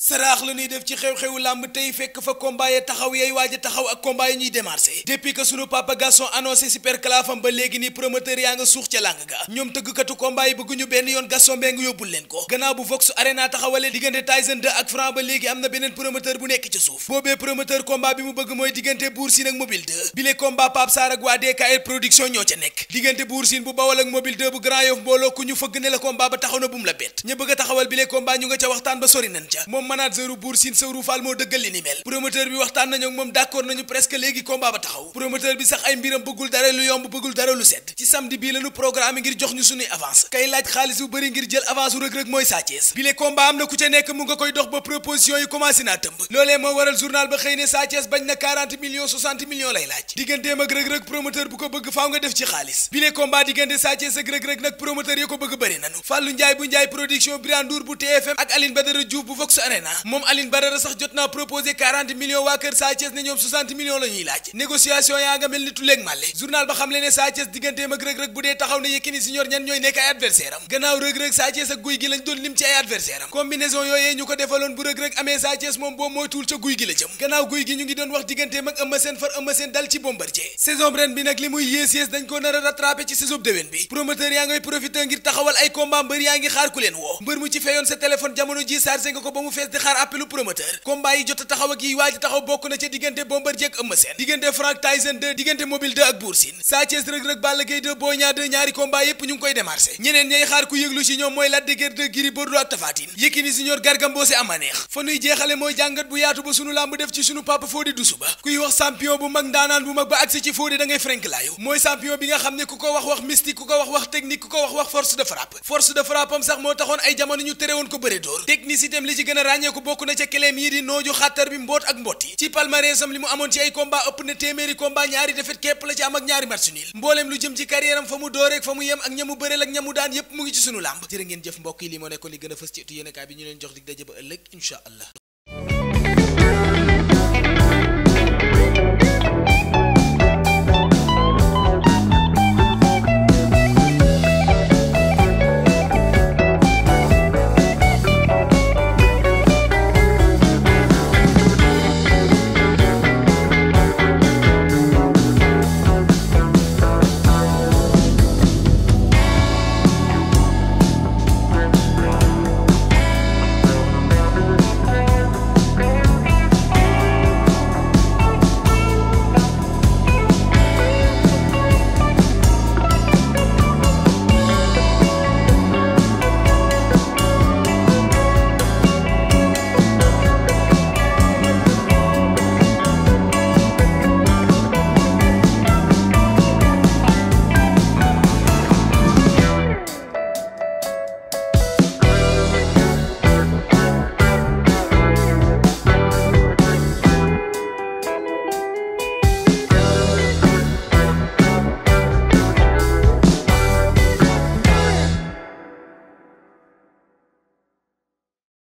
saraax la ñuy def ci xew-xewu làmb tey fekk fa combat ya taxaw yay waaja taxaw ak combat yi ñuy démarré depuis que sunu papa Gaston annoncé super calafam ba léegi ni promoteur yaa nga suux ca làng ga ñoom tëggkatu combat yi bëgguñu benn yoon Gaston Mbengue yóbbul leen ko gannaaw bu Vox Arena taxawalee diggante Tyson 2 ak Franc ba léegi am na beneen promoteur bu nekk ci suuf boobee promoteur combat bi mu bëgg mooy diggante Bour Sine ak Mobile 2 bile combat nekk diggante bu Bawol ak Mobile 2 bu Grand Yoff mbooloo ne la combat ba taxaw a sori nañ ca moom manageru Bour Sine Sëwru Fall moo dëggal li ni promoteur bi waxtaan nañu ak moom d'accord nañu presque léegi combat ba taxaw promoteur bi sax ay mbiram bëggul dara lu yomb bëggul dara lu set ci samedi bii lañu programme ngir jox ñu suñuy avance kay laaj xaalis bu bëri ngir jël avance u rëg-rëg mooy Sa Thiès bile am na ku ca nekk mu nga koy dox ba proposition yi commencé naa tëmb loolee moo waral journal ba xëy ne Sa Thiès bañ na 40 millions 60 millions lay laaj digganteem ak rëg ko bëgg faaw nga xaalis bile combat diggante Sa Thiès ak rëg-rëg nag promoteur yi ko bëgg bëri Arena moom Alioune Badara sax jot naa proposé 40 waa kër Sa Thiès ne ñoom 60 millions laaj négociation yaa nga mel ni tuleeg màlle journal ba xam le ne Sa Thiès digganteem ak rëg-rëg bu dee taxaw ne Yékini Senior ñan ñooy nekk ay adversaire am gannaaw rëg-rëg Sa Thiès ak guy gi lañ doon lim ci ay adversaire am combinaison yooyee ñu ko defaloon bu rëg-rëg amee Sa Thiès moom boo mooytuul ca guy gi la jëm gannaaw guy gi ñu ngi doon wax digganteem ak des di xaar appelu promoteur combat yi jot a taxaw ak yi waaj a taxaw bokk na ca diggante Bombardier ak Eumeu Sène diggante Frank Tyson 2 diggante Mobile 2 ak Bour Sine Sa Thiès Reug Reug Balla Gaye 2 Boy Niang 2 ñaari combat yépp ñu ngi koy démarché ñeneen ñay xaar ku yëglu ci ñoom mooy Lac de Guiers 2 Gris Bordeaux ak Tapha Tine Yékini Junior Garga Mbossé ama neex fa nuy jeexale mooy jàngat bu yaatu ba sunu làmb def ci sunu papa Fodé Doussouba kuy wax champion bu mag ndaanaan bu mag ba agsi ci Fodé da ngay frank laayu mooy champion bi nga xam ne ku ko wax wax mystique ku ko wax wax technique ku ko wax wax force de frappe force de frappe am sax moo taxoon ay jamono ñu tere woon ko bëre dóor technicité am li ci gën a ko bokk na ca keleem yi di nooju xàttar bi mboot ak yi ci palmarèsam li mu amoon ci ay combat ëpp na téeméeri combat ñaari defet képp la ci am ak ñaari match nul mbooleem lu jëm ci carrière fa mu dooreek fa mu yem ak ñamu bëreel ak ñamu daan yépp mu ngi ci sunu làmb jërë ngeen jëf mbokk yi li moo nekkoon li gën a fës ci tu yéenekaay bi ñu leen jox dig daje ba ëllëg incha allah